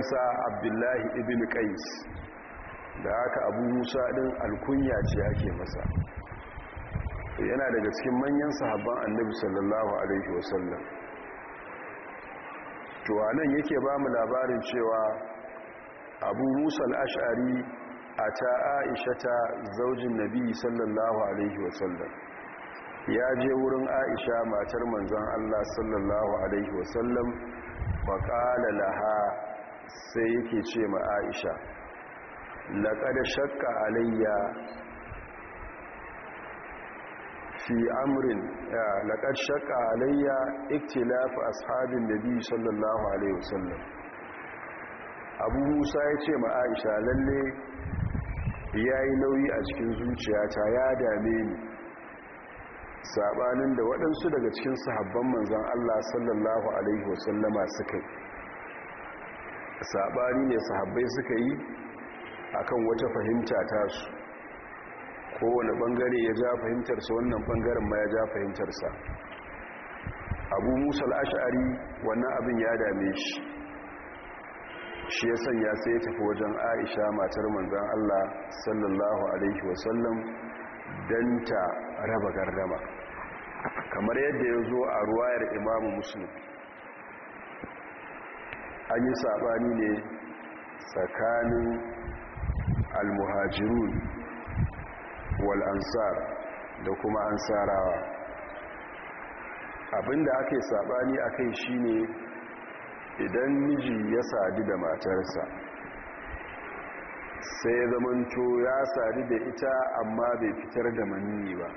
ɗansa abdullahi ibn qais da haka abu musa ɗin alkunya ce ake masa yana daga cikin manyan sahabban annabi sallallahu alaihi wasallam to anan yake ba mu labarin cewa abu musa al'ashari a ta aisha ta zaujin nabi sallallahu alaihi wasallam ya je wurin aisha matar manzan allah sallallahu alaihi wasallam wa ƙala laha sai yake ce ma aisha laƙada shakka alayya fi amrin laƙad shakka alayya iktilaf ashabin biyu sallallahu alaihi wasallam abu musa ya ce ma aisha lalle ya yi nauyi a cikin zuciyata ya dame ni sabanin da waɗansu daga cikin sahabban manzan Allah sallallahu Alaihi wasallama suka yi saɓani ne sahabbai suka yi akan wata fahimta tasu kowane bangare ya ja fahimtarsa wannan bangaren ma ya ja fahimtarsa abu musa al'ashari wannan abin ya dame shi shi ya sanya sai ya tafi wajen aisha matar manzan allah sallallahu alaihi wasallam don ta raba gardama kamar yadda ya zo a ruwayar imamu musulun an yi saɓani ne tsakanin almuhajirun wal'ansar da kuma ansarawa abinda aka yi saɓani a kai shi ne idan miji ya sadu da matarsa sai ya zamanto ya sadu da ita amma bai fitar da maniyi ba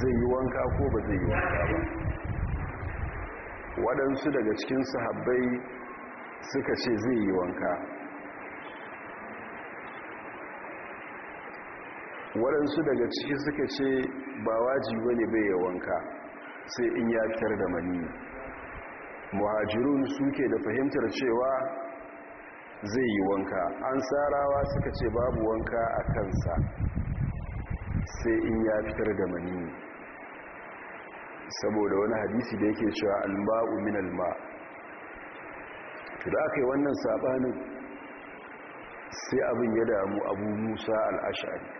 zai yi wanka ko ba zai yi wanka ba waɗansu daga cikin sahabbai suka ce zai yi wanka waɗansu daga ciki suka ce ba wajibi wani bai yi wanka sai in ya fitar da mani muhajirun suke da fahimtar cewa zai yi wanka an tsarawa suka ce babu wanka a kansa sai in ya fitar da mani saboda wani hadisi da yake cewa alba'u min alma da aka yi wannan sabanin sai abin ya damu abu musa al'ashari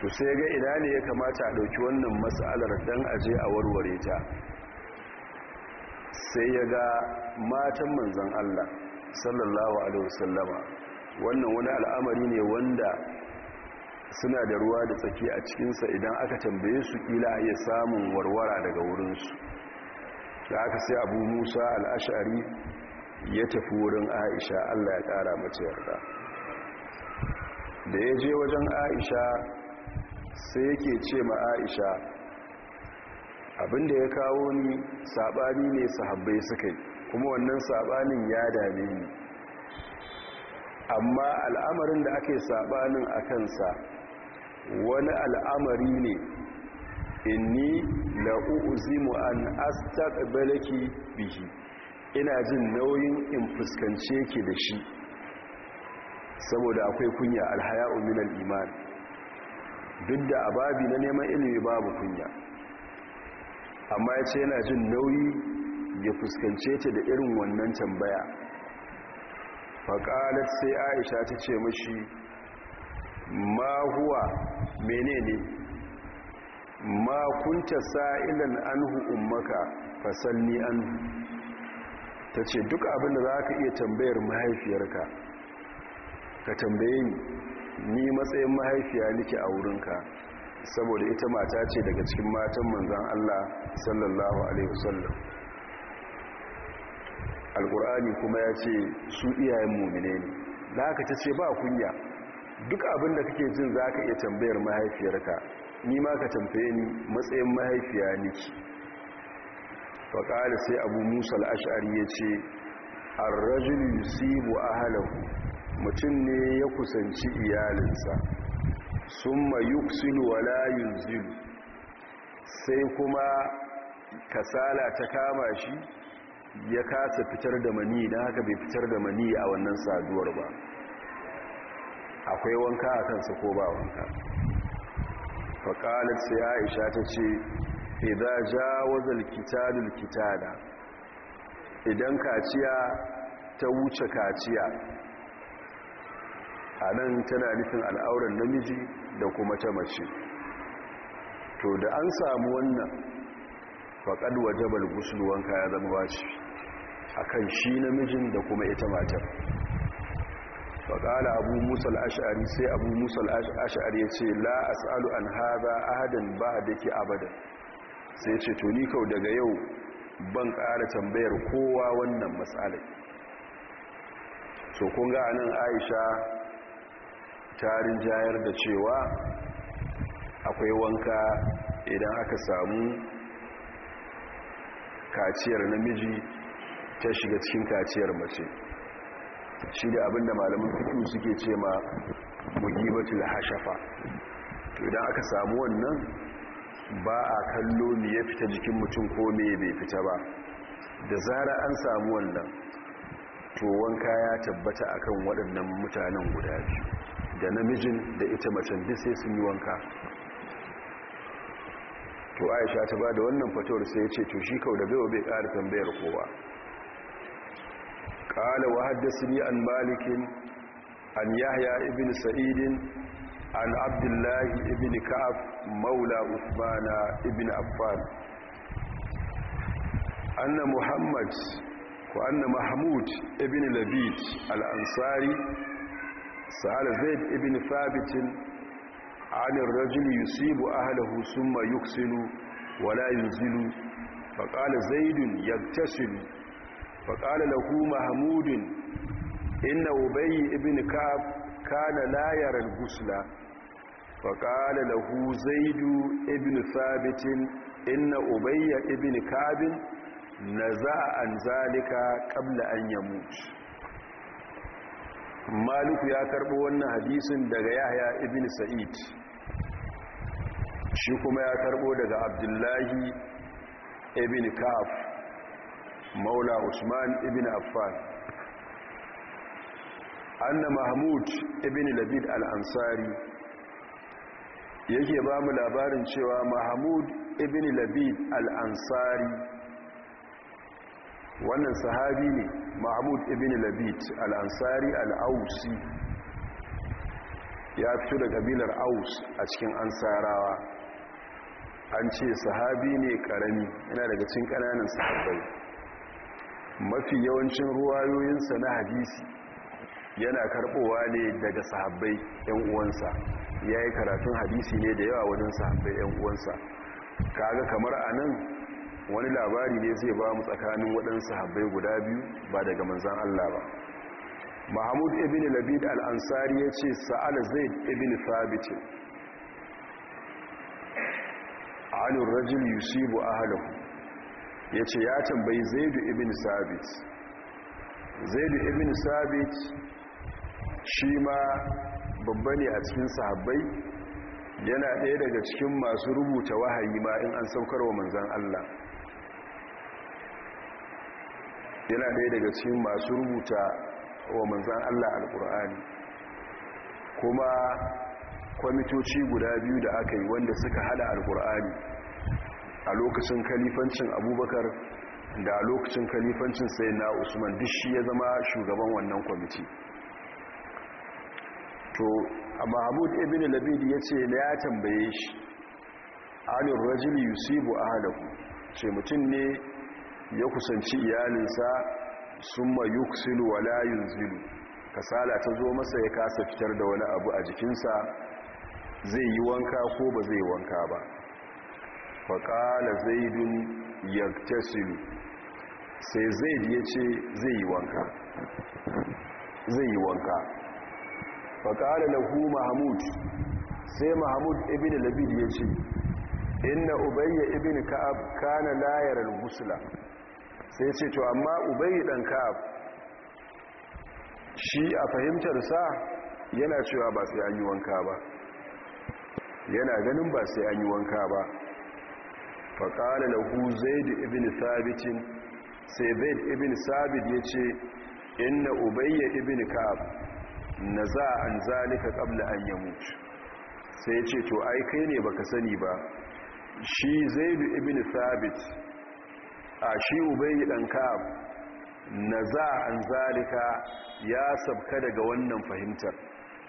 to sai ga ina ne ya kamata a ɗauki wannan matsalar dan aje a warware ta sai ya ga matan manzan Allah sallallahu alaihi wasallama wannan wani al'amari ne wanda suna da ruwa da tsaki a cikinsa idan aka tambaye su kila ya samun warwara daga wurinsu da aka sai abu musa al'ashari ya tafi wurin aisha allah ya ƙara mace yarda da ya je wajen aisha sai yake ce ma aisha abinda ya kawo ni saɓani ne sahabbai suka yi kuma wannan saɓanin ya dame ni amma al'amarin da ake saɓanin a kansa wani al'amari ne inni la'uzimu an balaki biki ina jin nauyin in fuskance ki da shi saboda akwai kunya alhaya min al-iman duk da ababi na neman ilimi babu kunya amma yace yana jin nauyi ya fuskance ta da irin wannan tambaya faƙalar sai aisha ta ce mashi ma huwa menene ma kunta sa'ilan anhu ummaka fasalni anhu tace duk abin da zaka iya tambayar mahaifiyarka ka tambaye ni ni matsayin mahaifiya nake a wurinka saboda ita mata ce daga cikin matan manzon Allah sallallahu alaihi wasallam alqur'ani kuma ya ce su iyayen mu'mine ne da haka tace ba kunya duk abin da kake jin za ka iya tambayar mahaifiyarka ni ma ka tambaye ni matsayin mahaifiya niki faƙari sai abu musa al'ashari ya ce arrajin yusibu ahalahu mutum ne ya kusanci iyalinsa sun ma yuksilu wala yunzilu sai kuma kasala ta kama shi ya kasa fitar da mani na haka bai fitar da mani a wannan saduwar ba akwai wanka a kansa ko ba wanka faƙalar sai aisha ta ce idan jawazal kitadul kitada idan kaciya ta wuce kaciya a nan tana nufin al'auran namiji da kuma ta mace to da an samu wannan faƙad wajabar gusul wanka ya zama wace a kan shi namijin da kuma ita matar faƙala abu musul ash'ari sai abu musul ash'ari ya ce la as'alu an a ahadan ba da ke abadan sai ce to ni kau daga yau ban ƙara tambayar kowa wannan matsalai so kun ga anan aisha tarin jayar da cewa akwai wanka idan aka samu kaciyar namiji ta shiga cikin kaciyar mace shi da abin da malamin fikin suke ce ma mugibatul hashafa idan aka samu wannan ba a kallo ne ya fita jikin mutum ko me bai fita ba da zara an samu wannan to wanka ya tabbata akan waɗannan mutanen guda biyu da namijin da ita macen duk sai sun yi wanka to aisha ta ba da wannan fatowar sai ya ce to shi kau da gaiwa bai ƙara tambayar kowa قال وحدثني عن مالك عن يحيى ابن سعيد عن عبد الله ابن كعب مولى عثمان ابن عفان أن محمد وأن محمود ابن لبيد الأنصاري سأل زيد ابن ثابت عن الرجل يصيب أهله ثم يكسل ولا ينزل فقال زيد يغتسل faƙala lahu mahmudin inna ubayi ibn ka'ab kana la yara al-ghusla zaidu ibn thabit inna ubayya ibn ka'ab naza'a an zalika qabla an yamut maliku ya karɓo wannan hadisin daga yahya ibn sa'id shi kuma ya karɓo daga abdullahi Ibin ka'ab maula usman ibn affan anna mahmud ibn labid al-ansari yake ba mu labarin cewa mahmud ibn labid al-ansari wannan sahabi ne mahmud ibn labid al-ansari al-ausi ya fito da kabilar aus a cikin ansarawa an ce sahabi ne karami yana daga cikin kananan sahabbai mafi yawancin ruwayoyinsa na hadisi yana karbowa ne daga sahabbai yan uwansa ya yi karatun hadisi ne da yawa wajen sahabbai yan uwansa kaga kamar a nan wani labari ne zai ba mu tsakanin waɗansu sahabbai guda biyu ba daga manzan Allah ba mahmud ibn labid al-ansari ya ce sa'al zaid ibn thabit alur rajul yusibu ahlahu ya ce ya tambayi zaidu ibn sabit zaidu ibn sabit shi ma babba ne a cikin sahabbai yana ɗaya daga cikin masu rubuta wahayi ma in an saukar wa manzan Allah yana ɗaya daga cikin masu rubuta wa manzan Allah alƙur'ani kuma kwamitoci guda biyu da aka yi wanda suka hada alƙur'ani a lokacin kalifancin abubakar da a lokacin kalifancin sai na usman duk shi ya zama shugaban wannan kwamiti to mahmud ibn labid ya ce na ya tambaye shi alin rajili yusibu ahalaku ce mutum ne ya kusanci iyalinsa sun ma wa wala yunzilu kasala ta zo masa ya kasa fitar da wani abu a jikinsa zai yi wanka ko ba zai wanka ba faƙala zaidun yaktasilu sai zaid ya ce zai yi wanka zai yi wanka faƙala lahu mahamud sai mahamud ibn labid ya ce inna ubayya ibn ka'ab kana layar gusula sai ce to amma ubayya dan ka'ab shi a fahimtarsa yana cewa ba sai an yi wanka ba yana ganin ba sai an yi wanka ba faƙali da zaid ibn sabitin sai zaid ibn sabit ya ce inna ubayya ibn ka'ab na za an zalika ƙabla an mutu sai ce to ai kai ne baka sani ba shi zaid ibn sabit a shi ubayya ɗan ka'ab na za an zalika ya sabka daga wannan fahimtar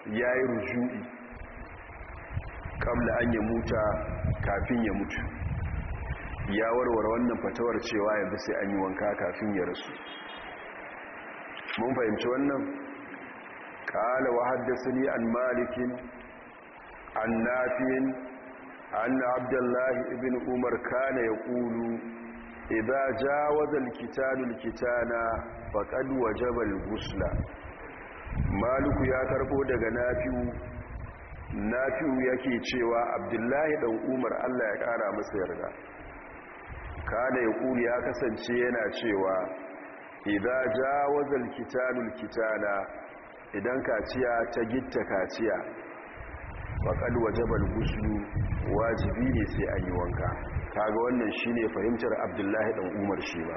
ya yi rujui ƙabla an ya muta kafin ya mutu ya warware wannan fatawar cewa yanzu sai an yi wanka kafin ya rasu mun fahimci wannan qala wa haddathani an malikin an nafi'in abdullahi ibn umar kana yaqulu idha jawaza al kitana faqad wajaba alghusla maliku ya karbo daga nafi'u nafi'u yake cewa abdullahi dan umar Allah ya kara masa yarda kada ya kuli ya kasance yana cewa idan jawazal kitanul kitana idan kaciya ta gitta kaciya faƙal wajabar guslu wajibi ne sai an yi wanka kaga wannan shine fahimtar abdullahi ɗan umar shi ba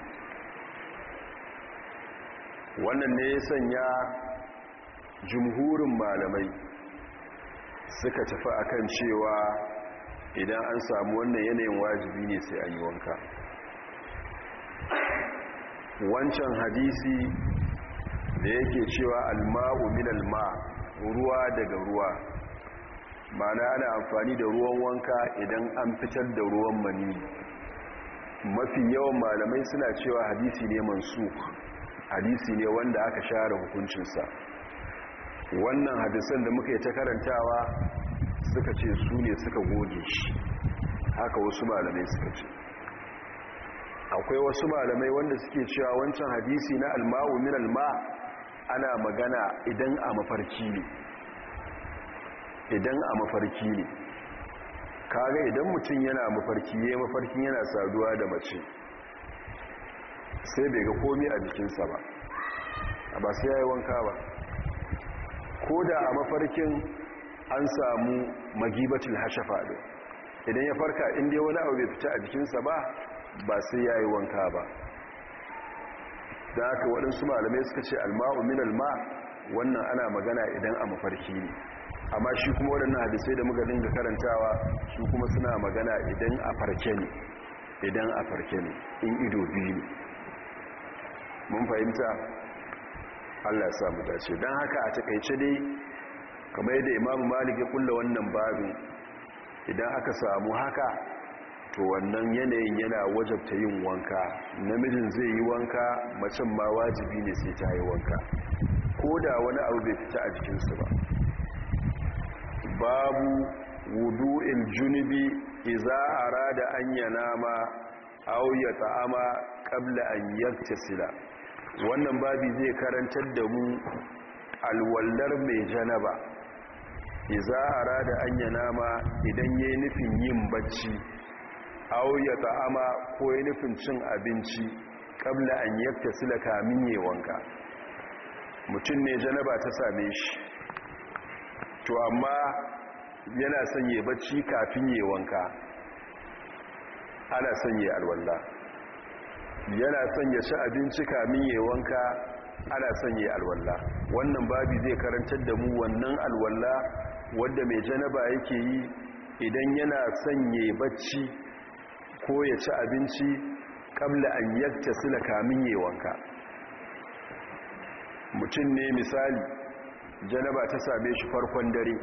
wannan ne ya sanya jumhurin malamai suka tafi akan cewa idan an samu wannan yanayin wajibi ne sai an yi wanka wancan hadisi da yake cewa alma'u min alma ruwa daga ruwa mana ana amfani da ruwan wanka idan an fitar da ruwan mani mafi yawan malamai suna cewa hadisi ne mansuk hadisi ne wanda aka share hukuncinsa wannan hadisan da muka yi ta karantawa suka ce su ne suka goge shi haka wasu malamai suka ce akwai wasu malamai wanda suke cewa wancan hadisi na alma'u min alma ana magana idan a mafarki ne idan a mafarki ne kaga idan mutum yana mafarki yayin mafarkin yana saduwa da mace sai bai ga komai a jikinsa ba ba sai yayi wanka ba ko da a mafarkin an samu hashe fado, idan ya farka inda wani abu bai fita a jikinsa ba ba sai ya yi wanka ba da haka waɗansu malamai suka ce alma'u min alma wannan ana magana idan a mafarki ne amma shi kuma waɗannan hadisai da magadin dinga karantawa su kuma suna magana idan a farke ne idan a farke ne in ido biyu ne mun fahimta Allah ya samu dace don haka a takaice dai kamar yadda imamu malik ya kulla wannan babin idan aka samu haka to wannan yanayin yana wajabta yin wanka namijin zai yi wanka macen ma wajibi ne sai ta yi wanka ko da wani abu bai fita a jikinsu ba babu wudu'in junubi iza da an yana ma ta'ama kabla an sila. wannan babi zai karantar da mu alwallar mai janaba iza da an yana idan idan yi nufin yin bacci auya ama ko ya nufin cin abinci kabla an yabta sila kamin yi wanka mutum ne janaba ta same shi to amma yana sanye bacci kafin yi wanka ana sanye alwallah yana sanye ci abinci kamin yi wanka ana sanye alwallah wannan babi zai karantar da mu wannan alwallah wadda mai janaba yake yi idan yana sanye bacci ko ya ci abinci ƙabla an yadda suna kamun yewanka mutum ne misali janaba ta same shi farkon dare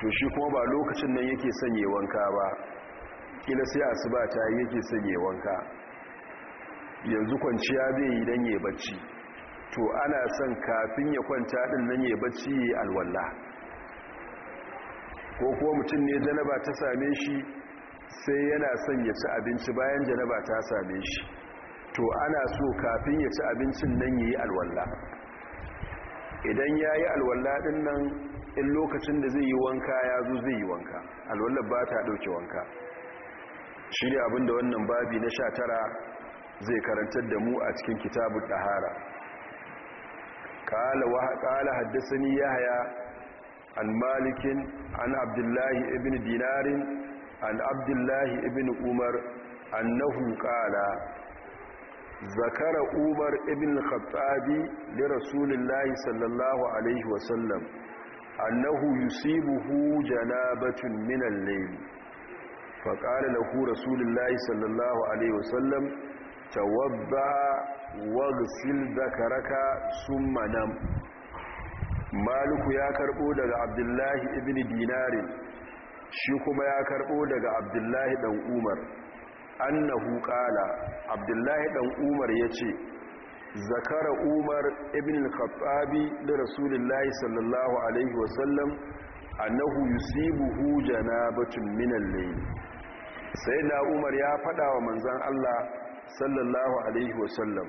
to shi kuma ba lokacin nan yake sanye wanka ba kila sai asuba ta yake sanye wanka yanzu kwanciya zai yi don ya barci, to ana son kafin ya kwanta din nan ya bacci ya alwallah ko kuma mutum ne janaba ta same shi sai yana son ya ci abinci bayan janaba ta same shi to ana so kafin ya ci abincin nan ya yi idan ya yi alwallah ɗin nan in lokacin da zai yi wanka ya zo zai yi wanka alwala ba ta ɗauke wanka shi ne abinda wannan babi na sha tara zai karantar da mu a cikin kitabun ɗahara ƙala haddasa ni yahaya an malikin an abdullahi ibn dinarin an abdullahi ibn umar annahu qala zakara umar ibn khattabi li rasulillahi sallallahu alaihi wasallam annahu yusibuhu janabatun min al-layl faqala lahu rasulullahi sallallahu alaihi sallam, tawadda waghsil zakaraka summa nam maliku ya karbo daga abdullahi ibn dinarin shi kuma ya karɓo daga abdullahi ɗan umar annahu ƙala abdullahi ɗan umar ya ce zakara umar ibn al-khattabi da rasulullahi sallallahu alaihi wasallam annahu yusibuhu janabatun min al-layl sayyidina umar ya faɗa wa manzon Allah sallallahu alaihi wasallam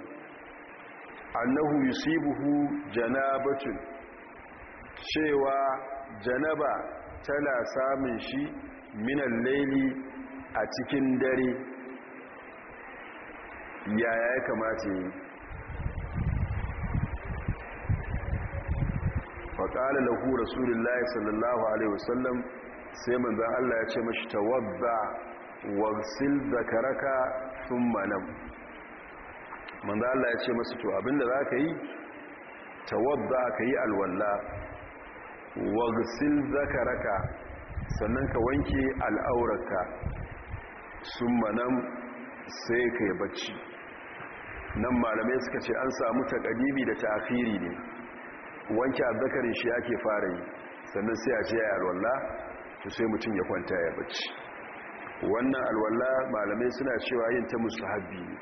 annahu yusibuhu janabatun cewa janaba tana samun shi minan laili a cikin dare yaya ya kamata yi faƙali lahu rasulullahi sallallahu alaihi wasallam sai manzan Allah ya ce mashi tawadda wasil zakaraka sun manam manzan Allah ya ce masu to abinda za ka yi tawadda ka yi alwallah wagsil zakaraka sannan ka wanke al'aurarka sun manan sai ka yi bacci nan malamai suka ce an samu takadibi da ta'afiri ne wanke azzakarin shi yake fara yi sannan sai a ce ya alwallah to sai mutum ya kwanta ya bacci wannan alwallah malamai suna cewa yin ta mustahabbi ne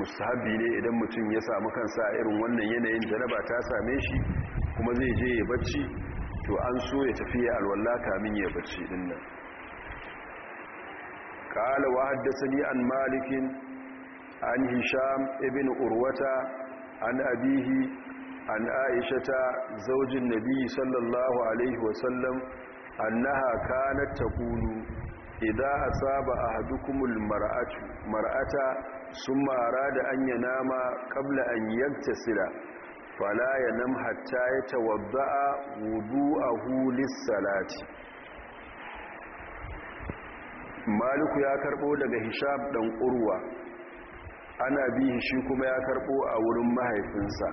mustahabbi ne idan mutum ya samu kansa irin wannan yanayin janaba ta same shi kuma zai je ya bacci to an so ya tafi ya alwala kamin ya bacci din nan qala wa haddathani an malikin an hisham ibn urwata an abihi an aishata zaujin nabi sallallahu alaihi wasallam annaha kanat taqulu idza asaba ahadukum mar'atu mar'ata summa arada an yanama qabla an yaktasira fala ya nam hatta ya tawadda'a wudu'ahu lis-salati maliku ya karbo daga hisham dan urwa ana bihi shi kuma ya karbo a wurin mahaifinsa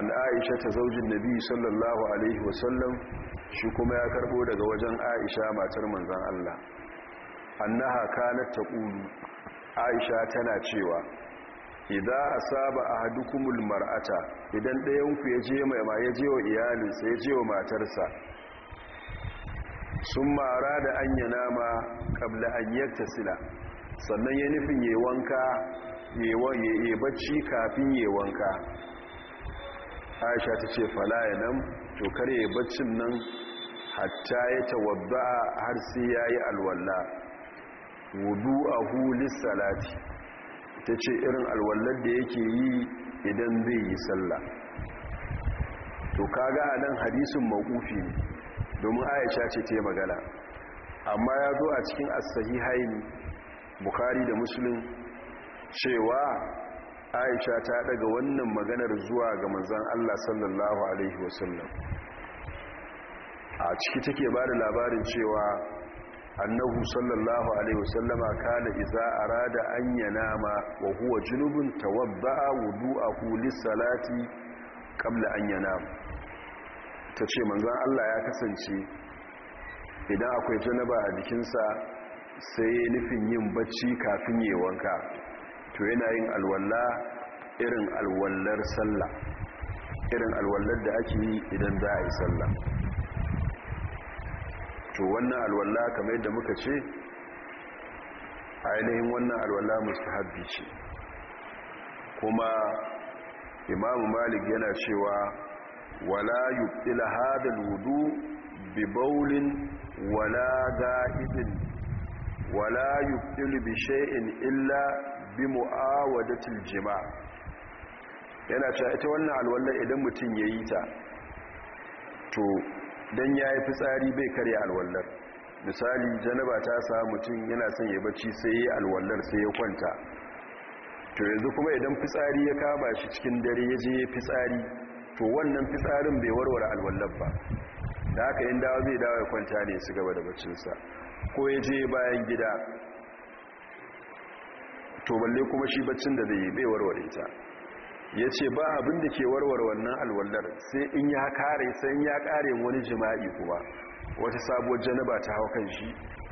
an aisha ta zaujin nabi sallallahu alaihi wasallam shi kuma ya karbo daga wajen aisha matar manzon Allah annaha kanat taqulu aisha tana cewa idan asaba ahadukumul mar'ata idan ɗayanku ya je mai ya je wa iyalinsa ya je wa matarsa sun mara da an yi nama ƙabla an yadda sila sannan ya nufin yi wanka yi bacci kafin yi wanka aisha ta ce falaya nan to kare baccin nan hatta ya tawadda har sai ya yi alwallah wudu a hulis salati ta ce irin alwallar da yake yi idan zai yi sallah to kaga a nan hadisin mawkufi ne domin aisha ce ta magana amma ya zo a cikin Asahi haini bukhari da musulun cewa aisha ta daga wannan maganar zuwa ga manzan allah sallallahu alaihi wasallam a ciki take ba da labarin cewa annahu sallallahu alaihi wasallama kana idza arada an yanama wa huwa junubun tawadda'a wudu'ahu lis-salati qabla an yanama tace manzon Allah ya kasance idan akwai janaba a jikinsa sai nufin yin bacci kafin yayin wanka to yana yin alwala irin alwallar sallah irin alwallar da ake yi idan za a yi sallah to wannan alwala kamar yadda muka ce ainihin wannan alwala mustahabbi ce kuma imamu malik yana cewa wala yubtila hadal wudu bi baulin wala ga'idin wala yubtilu bi shay'in illa bi mu'awadatil jima' yana cewa ita wannan alwala idan mutum yayi ta to don ya yi fitsari bai karya alwallar misali janaba ta sa mutum yana son ya bacci sai ya alwallar sai ya kwanta to yanzu kuma idan fitsari ya kama shi cikin dare ya je ya fitsari to wannan fitsarin bai warware alwallar ba da haka yin dawa zai dawa ya kwanta ne su gaba da baccinsa ko ya je bayan gida to balle kuma shi baccin da zai yi bai warware ta ya ce ba abin da ke warware wannan alwallar sai in ya kare sai ya kare wani jima'i kuma wata sabuwar janaba ta hau kan shi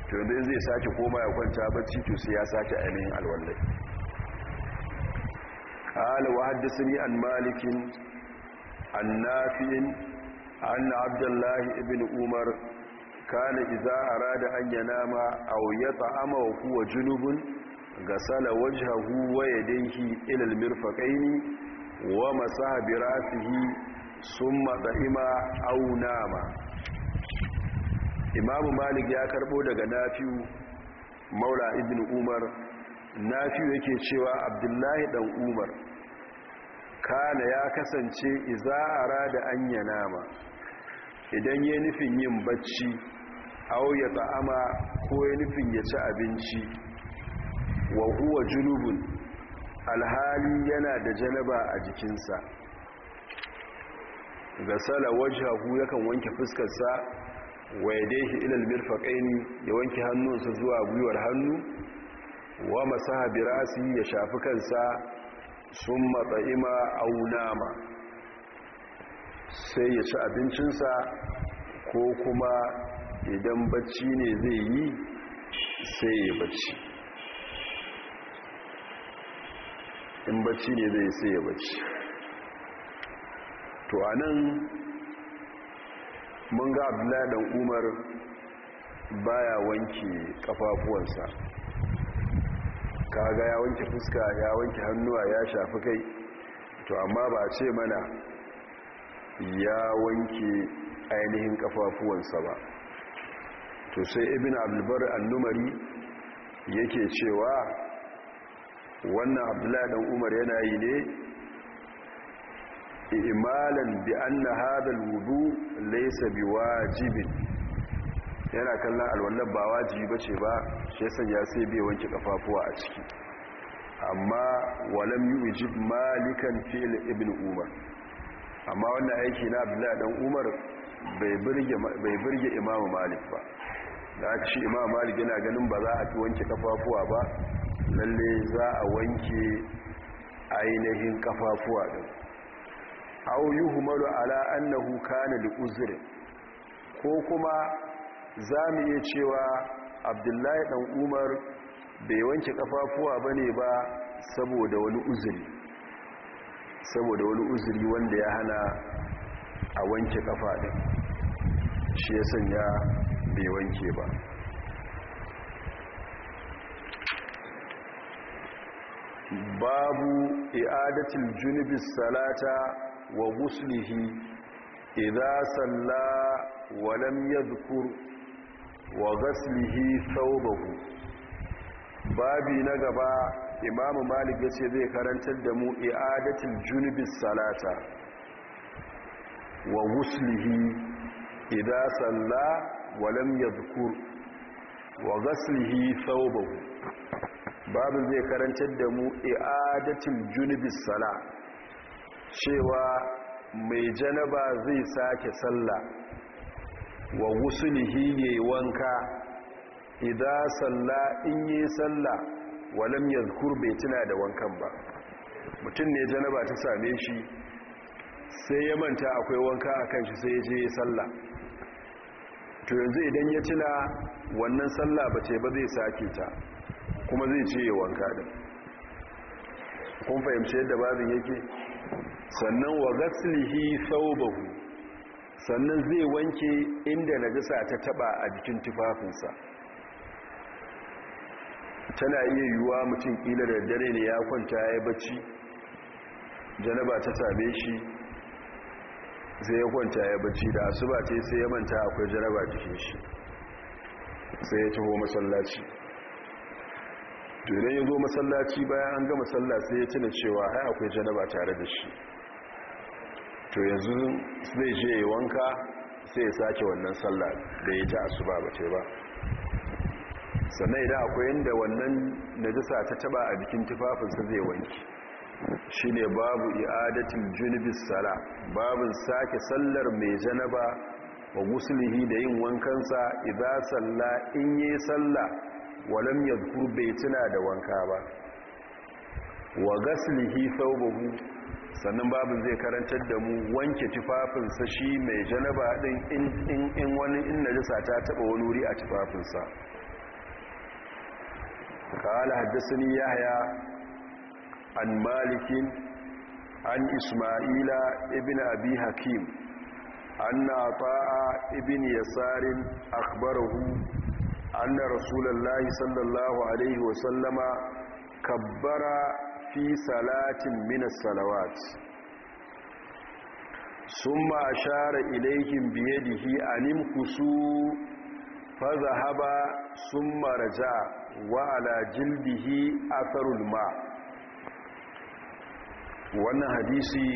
to yanzu zai sake koma ya kwanta bacci to sai ya sake ainihin alwallar قال وحدثني عن مالك عن نافع أن عبد الله بن عمر كان إذا أراد أن ينام أو يطعم وهو wajen غسل وجهه ويديه إلى المرفقين wa masahabira su yi sun dahima auna nama imamu malik ya karbo daga nafi'u maula ibn umar nafi'u yake cewa abdullahi dan umar kana ya kasance iza da an nama. idan ya nufin yin bacci au ya ta'ama ko ya nufin ya ci abinci wa huwa junubun alhali yana da janaba a jikinsa ga sala ya yakan wanke fuskarsa wa ilal ilal ya wanke hannunsa zuwa gwiwar hannu wa masaha bi ya shafi kansa sun matsaima aunama sai ya ci abincinsa ko kuma idan bacci ne zai yi sai ya bacci in bacci ne zai sai ya bacci to a nan mun ga abdullahi umar baya wanke kafafuwansa kaga ya wanke fuska ya wanke hannuwa ya shafi kai to amma ba ce mana ya wanke ainihin kafafuwansa ba to sai ibn abdulbar annumari yake cewa wannan abdullahi dan umar yana yi ne imalan bi anna hadha alwudu laysa biwajibin yana kallon alwallan ba wajibi bace ba shi yasan ya sai bai wanke kafafuwa a ciki amma walam yujib malikan fi'l ibn umar amma wannan aiki na abdullahi dan umar bai birge imamu malik ba da shi imamu malik yana ganin ba za a fi wanke kafafuwa ba lalle za a wanke ainihin kafafuwa din yi humaru ala annahu kana da uzri ko kuma za mu iya cewa abdullahi ɗan umar bai wanke kafafuwa ne ba saboda wani uzuri saboda wani uzuri wanda ya hana a wanke kafa ɗin shi ya sanya bai wanke ba babu i'adatul junubi salata wa guslihi idza salla wa lam yadhkur wa ghaslihi thawbahu babi na gaba Imam malik yace zai karantar da mu i'adatul junubi salata wa guslihi idza salla wa lam yadhkur wa ghaslihi thawbahu babu zai karantar da mu i'adatul junubis sala cewa mai janaba zai sake sallah wa wusulihi yayi wanka idan salla in yi sallah, walam yadhkur bai tuna da wankan ba mutum ne janaba ta same shi sai ya manta akwai wanka akan shi sai ya je sallah. to yanzu idan ya tuna wannan sallah ba ce ba zai sake ta kuma zai ce ya wanka da kun fahimci yadda babin yake sannan wa sau bahu, sannan zai wanke inda Nagasa ta taba a jikin tufafinsa tana iya yiwuwa mutum kila da dare ne ya kwanta ya bacci janaba ta same shi sai ya kwanta ya bacci da asuba ce sai ya manta akwai janaba jikin shi sai ya taho masallaci to idan ya zo masallaci bayan an gama sallah sai ya tuna cewa ai akwai janaba tare da shi to yanzu zai je ya wanka sai ya sake wannan sallah da ya ta asuba ba ce ba sannan idan akwai inda wannan najasa ta taba a jikin tufafinsa zai wanki shine babu i'adatul junubis sala babu sake sallar mai janaba wa guslihi da yin wankan sa, idza salla in yi sallah walam yadhkur bai tuna da wanka ba wa ghaslihi thawbahu sannan babu zai karantar da mu wanke tufafinsa shi mai janaba din in in wani in najasa ta taba wani wuri a tufafinsa qala حدثني yahya an مالك an isma'ila ibn abi hakim anna ta'a ibn yasarin akhbarahu anna rasulullahi sallallahu alaihi wasallama kabbara fi salatin minas salawat summa ashara ilaihim biyadihi sun fazahaba summa raja wa ala jildihi atharul ma wannan hadisi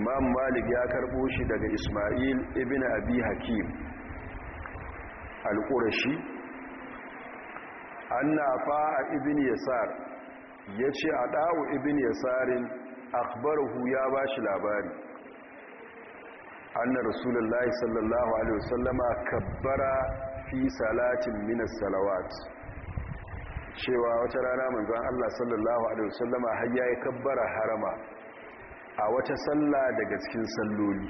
imam malik ya karbo shi daga isma'il ibn abi hakim Alƙurashi, qurashi fa fa'a Ibin yasar yace ada'u Ibin yasarin akbarhu ya ba shi labari anna rasulullahi sallallahu alaihi wasallama kabbara fi salatin minas salawat cewa wata rana manzon Allah sallallahu alaihi wasallama har kabbara harama a wata sallah daga cikin salloli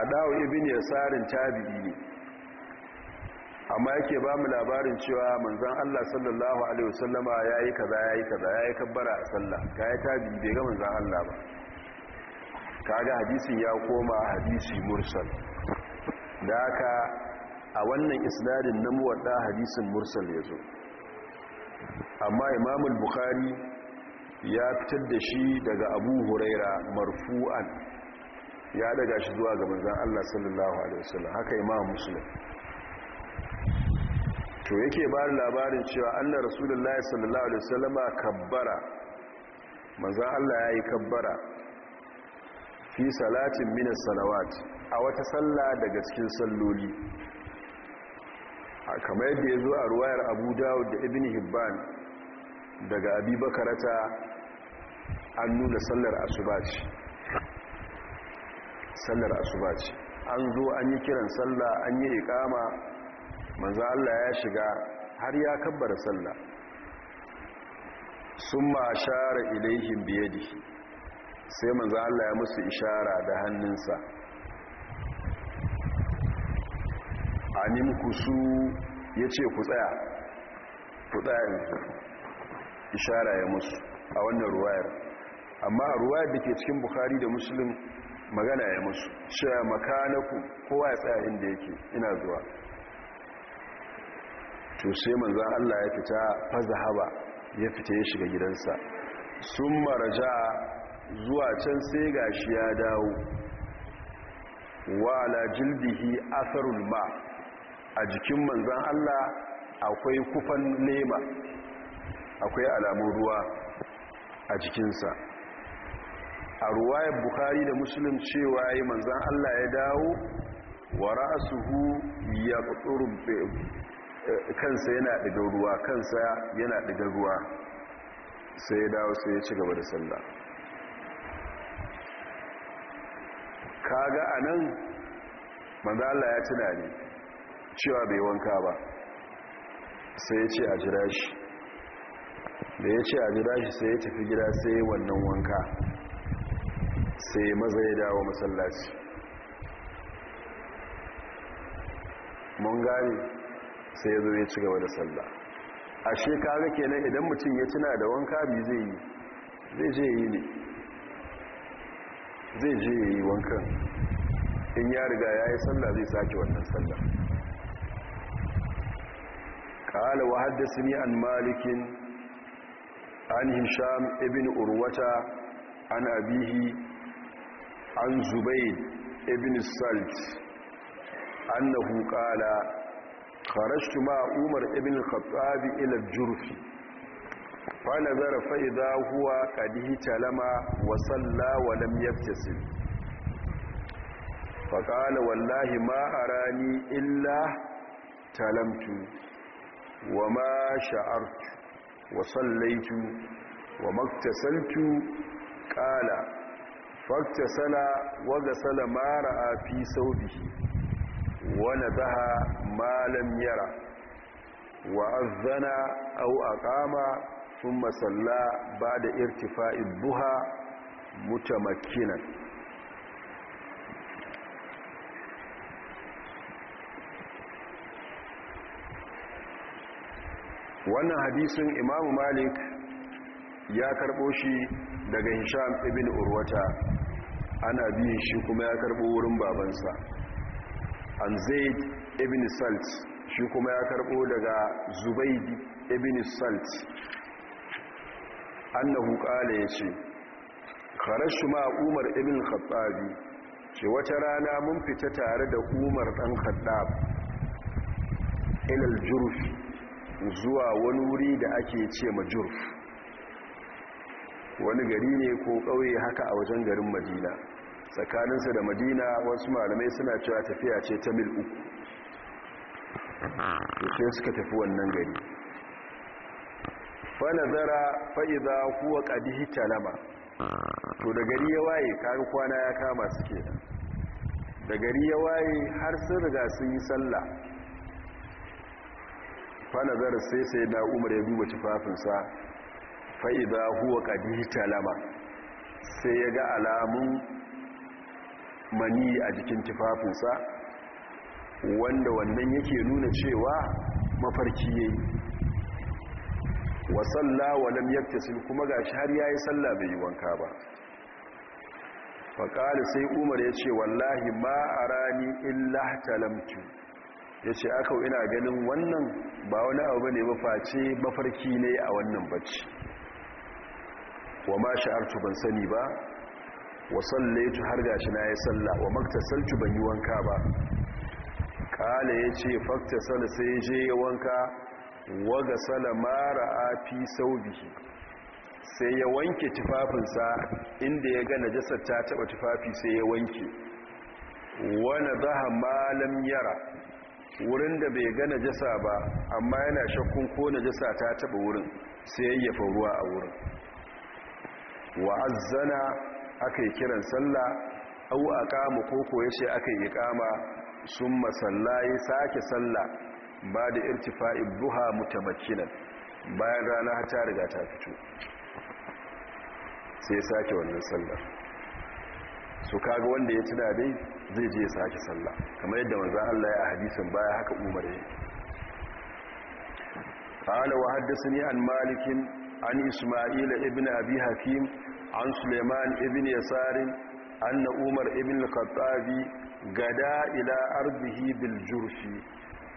adawu ibn yasarin tabi'i ne amma yake ba mu labarin cewa manzon Allah sallallahu alaihi wasallama yayi kaza yayi kaza yayi kabbara a sallah yi tabi'i bai ga manzon Allah ba kaga hadisin ya koma hadisi mursal da haka a wannan isnadin na muwadda hadisin mursal ya zo. amma imamul bukhari ya fitar da shi daga abu huraira marfu'an ya daga shi zuwa ga manzan Allah sallallahu alaihi wasallam haka imam musulun to yake ba labarin cewa annar rasulullahi sallallahu alaihi wasallama kabbara manzan Allah ya yi kabbara fi salatin minas salawat a wata sallah daga cikin salloli kamar yadda ya zo a ruwayar abu dawud da ibn hibban daga abibakarata an nuna sallar asubaci sallar asuba ce an zo an yi kiran sallah an yi ikama manzo Allah ya shiga har ya kabbara sallah summa ashara ilaihim biyadi sai manzo Allah ya musu ishara da hannunsa anim kusu yace ku tsaya ku tsaya ishara ya musu a wannan ruwayar amma ruwayar da ke cikin bukhari da muslim magana ya musu a makanaku kowa ya tsaya inda yake ina zuwa to sai manzan Allah ya fita haba ya fita ya shiga gidansa sun maraja zuwa can sai shi ya dawo Wala jildihi asarul ma a jikin manzan Allah akwai kufan nema. akwai alamun ruwa a jikinsa a ruwayar bukari da musulun cewa yi manzan allah ya dawo wa ra'asuhu ya tsuru eh, kansa yana daga ruwa kansa yana daga ruwa sai ya dawo sai ya ci gaba da sallah kaga a nan manzan allah ya tuna ne cewa bai wanka ba sai ya ce a jira shi da ya ce a jira shi sai ya tafi gida sai wannan wanka sai maza ya dawo masallaci mun gani sai ya zo ya ci gaba da sallah a shekara kenan idan mutum ya tuna da wanka bi zai yi zai je yi ne zai je yi wankan in ya riga ya yi sallah zai sake wannan sallah haddasa ni an malikin an hisham ibn Urwata an abihi an zubair ibn salt annahu qala kharajtu ma umar ibn al-khattab ila al-jurfi fa nazara fa idha huwa qad hitalama wa salla wa lam fa qala wallahi ma arani illa talamtu wa ma sha'artu wa sallaitu wa maktasaltu qala fakta sala waga sala mara a fi sau bihi wane zaha malam yara wa azana au a kama sun masalla ba da irtifa'in buha mutamakina. wannan hadisun imamu malik ya karbo shi daga hisham ibn urwata ana biyan shi kuma ya karbo wurin babansa an zaid ibn salt shi kuma ya karbo daga zubaid ibn salt annahu qala yace kharashu ma umar ibn khattabi ce wata rana mun fita tare da umar dan khattab ilal jurf zuwa wani wuri da ake ce ma jurf wani gari ne ko ƙauye haka a wajen garin madina tsakaninsa da madina wasu malamai suna cewa tafiya ce ta mil uku sai suka tafi wannan gari fanazara fa'iza kuwa ƙadihi talama to da gari ya waye kaga kwana ya kama su ke da gari ya waye har sun riga sun yi sallah fanazara sai sai na umar ya duba tufafinsa fa'iza huwa ƙadi talama sai ya ga alamun mani a jikin tufafinsa wanda wannan yake nuna cewa mafarki ya yi wa tsalla wa yadda yaktasil kuma ga har ya yi tsalla bai yi wanka ba faƙali sai umar ya ce wallahi ma a rani illa talamtu ya ce aka ina ganin wannan ba wani abu ne mafarki ne a wannan bacci wa ma sha'artu ban sani ba wa sallaitu har gashi na ya salla wa maktasaltu ban yi wanka ba kala ya ce faktasala sai je ya wanka wa sala mara a fi bihi sai ya wanke tufafinsa inda ya gana jasar ta taba tufafi sai ya wanke wani zaha malam yara wurin da bai gana jasa ba amma yana shakkun ko jasa ta taba wurin sai yayyafa ruwa a wurin wa aka yi kiran sallah au a kama koko ce aka yi sun masalla ya sake salla ba da buha duha mutamakinan bayan rana ta riga ta fito sai sake wannan sallar su kaga wanda ya tuna dai zai je ya sake salla kamar yadda wanzan Allah ya hadisin baya haka Umar ya قال وحدثني عن مالك عن إسماعيل ابن أبي حكيم an suleiman ibn yasarin na umar ibn al gada ila ardihi bil jurfi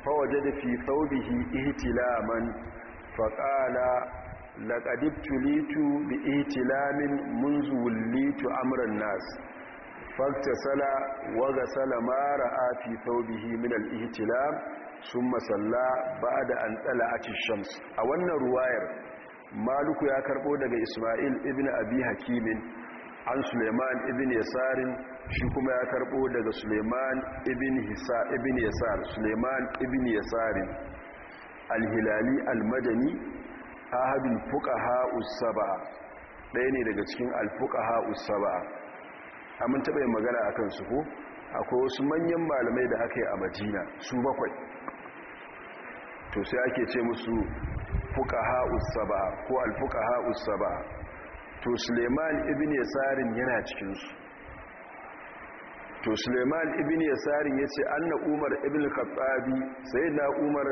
fawajada fi thawbihi ihtilaman faƙala laqad ibtulitu da ihtilamin منذ وليت amra nasu, nas sala wa ghasala ma a fi thawbihi min al-ihtilam sun salla ba'da an tala'ati ash-shams a wannan ruwayar maluku ya karbo daga ismail ibn abi hakimin an suleiman ibn yasarin shi kuma ya karbo daga suleiman ibn hisa ibn yasar suleiman ibn yasarin alhilali almadani haɗin fuqaha us-sab'a ɗaya ne daga cikin alfuqaha usab'a saba amin taɓa yin magana a kansu ko akwai wasu manyan malamai da aka yi a madina su bakwai to sai ake ce musu fukaha usaba ko alfukaha usaba to Suleiman ibn Yasarin yana cikin su to Suleiman ibn Yasarin yace anna Umar ibn Khattabi sayyidina Umar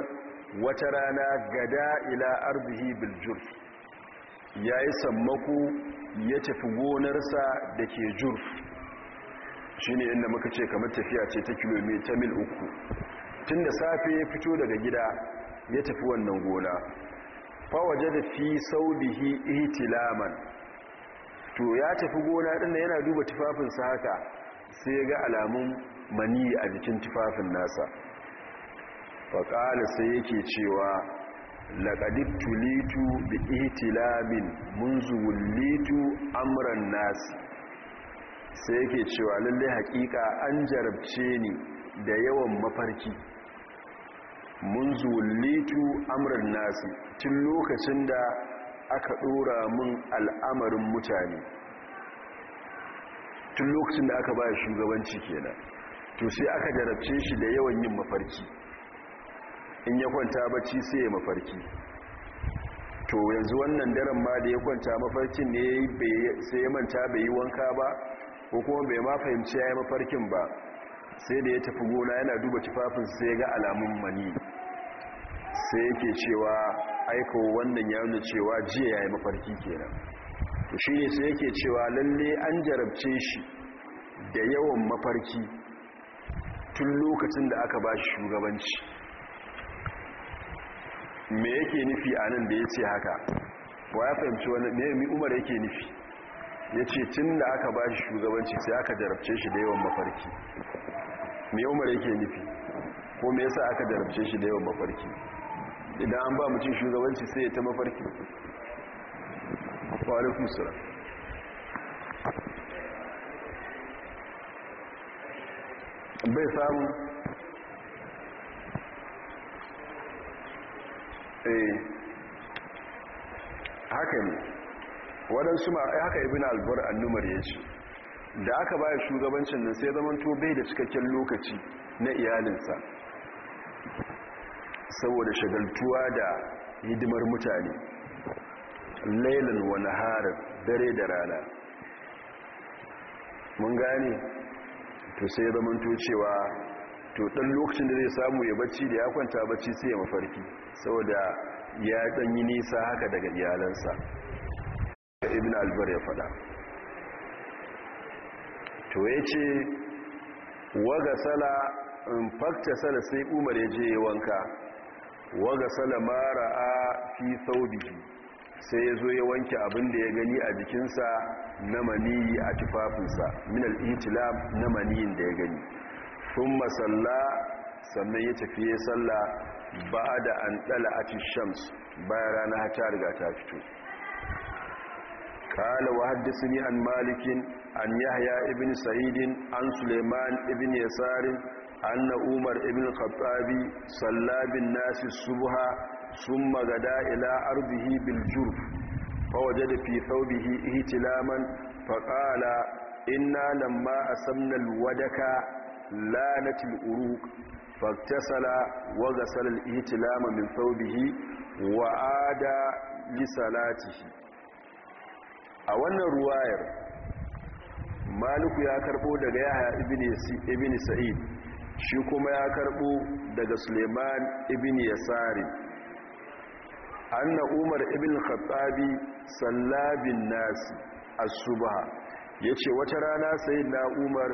wata rana gada ila ardihi bil jurf yayi sammako ya tafi gonarsa dake jurf shine inda muka ce kamar tafiya ce ta kilomita mil uku tun safe ya fito daga gida ya tafi wannan gona fawaje da fi saudihi ihtilaman to ya tafi gona din yana duba tufafinsa haka sai ya ga alamun mani a jikin tufafin nasa faƙala sai yake cewa laƙadid tulitu bi ihtilamin munzu wullitu amran nasi sai yake cewa lallai haƙiƙa an jarabce ni da yawan mafarki Mun wallitu amurin nasi tun lokacin da aka dora mun al'amarin mutane tun lokacin da aka baya shugabanci kenan to sai aka jarabce shi da yawan yin mafarki in ya kwanta bacci sai ya mafarki to yanzu wannan daren ma da ya kwanta mafarkin ne sai ya manta bai yi wanka ba ko kuma bai ma fahimci ya yi mafarkin ba sai da ya tafi gona yana duba tufafin sai ya ga alamun mani sai yake cewa aiko wannan ya nuna cewa jiya ya yi mafarki kenan shi ne sai yake cewa lalle an jarabce shi da yawan mafarki tun lokacin da aka ba shi shugabanci me yake nufi a nan da ya ce haka wa ya fahimci wani ne umar yake nufi ya ce tun da aka ba shi shugabanci sai aka jarabce shi da yawan mafarki me umar yake nufi ko me yasa aka jarabce shi da yawan mafarki idan an ba mutum shugabanci sai ya ta mafarki kwarin musura bai samu eh haka ne waɗansu ma haka ibi na albar annumar ya ce da aka baya shugabancin nan sai zamanto bai da cikakken lokaci na iyalinsa saboda shagaltuwa da hidimar mutane lailan wani harin dare da rana mun gane to sai zamanto cewa to ɗan lokacin da zai samu ya bacci da ya kwanta bacci sai ya mafarki saboda ya ɗanyi nisa haka daga iyalansa ibn albar ya faɗa to ya ce waga sala in fakta sala sai umar ya je wanka waga salama a fi saubihi sai ya zo ya wanke abin da ya gani a jikinsa na maniyi a tufafinsa minal intilam na maniyin da ya gani sun masalla sannan ya tafi ya salla ba da an ɗala a shams bayan rana ta riga ta fito قال وحدثني an an yahya يحيى sa'idin Saidin, suleiman Suleiman Ibn يسار anna umar ibn khattabi sallabin nasi subha summa gada ila ardihi bil jurf fawajada fi thawbihi ihtilaman faqala inna lamma asamna al wadaka lanatil uruq faktasala wa ghasala al ihtilama min thawbihi wa ada li salatihi a wannan ruwayar maliku ya karbo daga yahya ibn sa'id shi kuma ya karbo daga suleiman ibn yasari anna umar ibn khattabi sallabin nasi as yace wata rana sai umar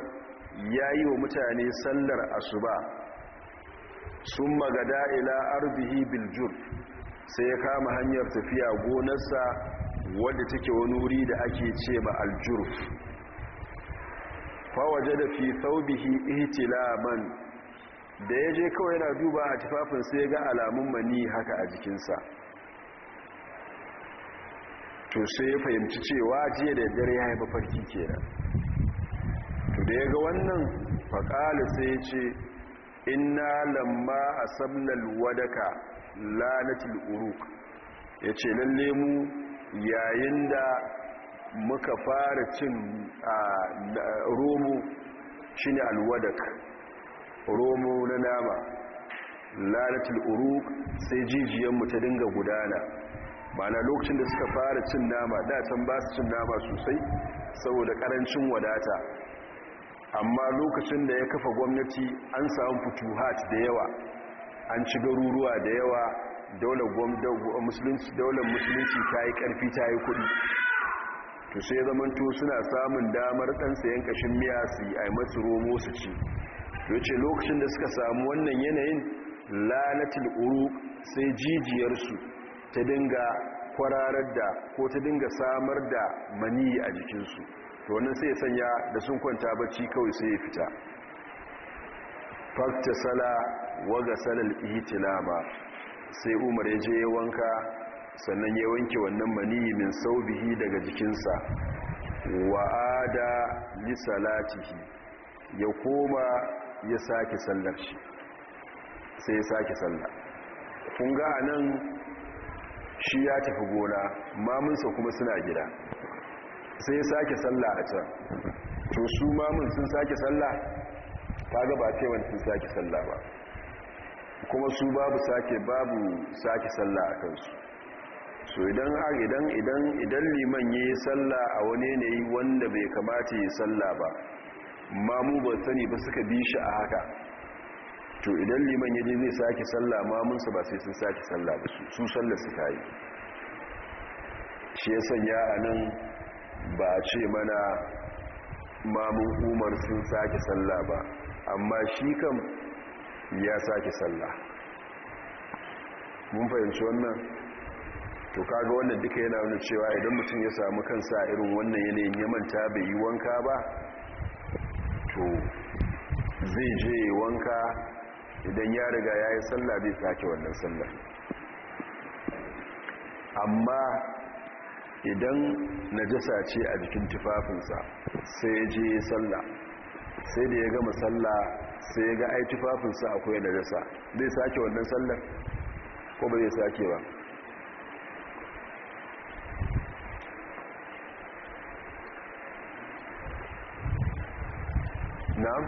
yayi wa mutane sallar asuba sun magada ila ardihi bil sai ya kama hanyar tafiya gonarsa wadda take wani wuri da ake ce ma aljurf fawaje da fi saubihi ihtilaman da ya je kawai yana duba a tufafin sai ga alamun mani haka a jikinsa to sai ya fahimci cewa jiya da dare ya farki mafarki kenan to da ya ga wannan faƙali sai ya ce inna lamba a sabnal wadaka lanatul uruk ya ce lalle mu yayin da muka fara cin romo shi ne alwadak romo na nama lalatul uruk sai jijiyanmu ta dinga gudana mana lokacin da suka fara cin nama can ba su cin nama sosai saboda karancin wadata amma lokacin da ya kafa gwamnati an samu fituhat da yawa an ci garuruwa da yawa daular musulunci ta yi karfi ta yi kudi to sai zamanto suna samun damar ɗan sayan kashin miya su yi a masu romo su ci to ce lokacin da suka samu wannan yanayin lalatul uru sai jijiyarsu ta dinga kwararar da ko ta dinga samar da mani a jikinsu to wannan sai sanya da sun kwanta bacci kawai sai ya fita fakta sala waga salal ihtilama sai umar ya je wanka sannan ya wanke wannan mani min saubihi daga jikinsa wa'ada li salatihi ya koma ya sake sallar shi sai ya sake sallar kun ga nan shi ya tafi gona mamunsa kuma suna gida sai ya sake sallah a can to su mamun sun sake sallah ta ba cewa sun sake sallah ba kuma su babu sake babu sake sallah a kansu To idan idan idan idan liman yi sallah a wani yanayi wanda bai kamata yi salla ba mamu ba sani ba suka bi shi a haka to idan liman ya je zai saki salla mamun ba sai sun saki sallah ba su sallar su yi. shi ya sanya nan, ba a ce mana mamun umar sun saki salla ba amma shi kam ya saki salla mun fahimci wannan to kaga wannan duka yana wani cewa idan mutum ya samu kansa irin wannan yanayin ya manta bai yi wanka ba to zai je wanka idan ya riga ya yi sallah zai sake wannan sallah amma idan najasa ce a jikin tufafinsa sai ya je sallah sai da ya gama sallah sai ya ga ai tufafinsa akwai najasa zai sake wannan sallar ko ba zai sake ba na'am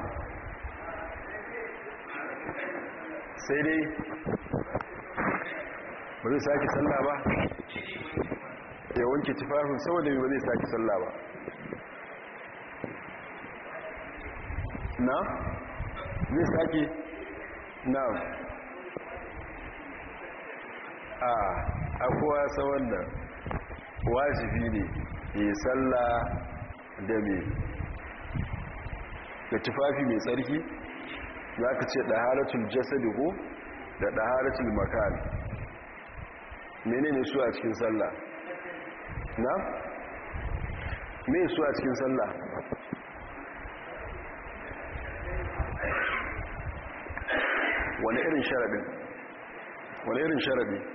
sai dai ba zai sake sallah ba ya wanke tufafin saboda ba zai sake sallah ba na zai sake na a akwai sa wannan, wajibi ne ya sallah da mai Da tufafi mai tsarki za ka ce halatun jasadi ko da da halatun makari mene ne su a cikin sallah na? me su a cikin sallah wani irin sharaɗin wani irin sharaɗin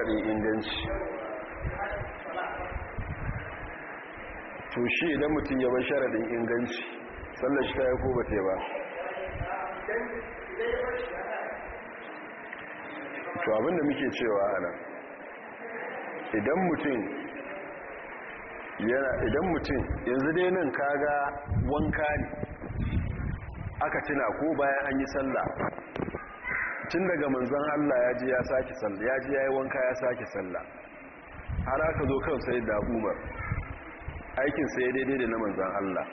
sharaɗin inganci to shi idan mutum ya bar sharaɗin inganci sallar shi ta yi ko ba ba to abinda muke cewa ana idan mutum yana idan mutum yanzu dai nan kaga wanka ne aka tuna ko bayan an yi sallah tun daga manzan Allah ya ji ya sake sallah ya ji ya yi wanka ya sake sallah har aka zo kan sai da umar aikin sai daidai da na manzan Allah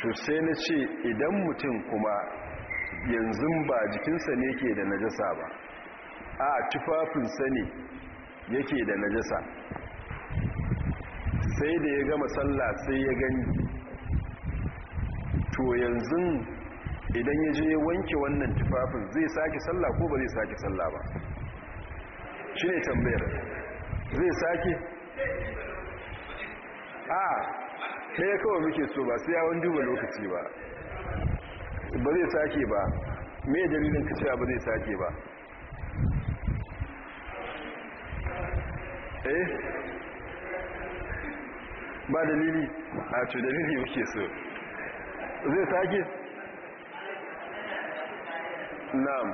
to sai na ce idan mutum kuma yanzu ba jikinsa ne ke da najasa ba a tufafinsa ne yake da najasa sai da ya gama sallah sai ya gani to yanzu idan ya je wanke wannan tufafin zai sake sallah ko ba zai sake sallah ba shi ne tambayar zai sake a ta ya kawai muke so ba sai yawon duba lokaci ba ba zai sake ba mai dalilin ka ba zai sake ba eh ba dalili a ce dalili muke so zai sake na'am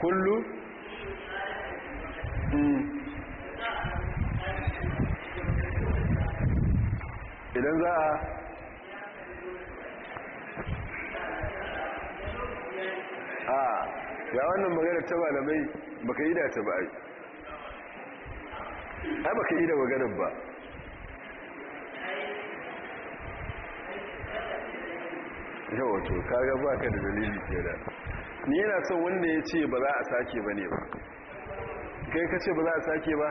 kullu hmm. idan za a wannan magana ta malamai baka yi da ta ba ai ai baka yi da maganar ba yawa to kaga ba ka da dalili ke da ni yana son wanda ya ce ba za a sake ba ne ba kai ka ce ba za a sake ba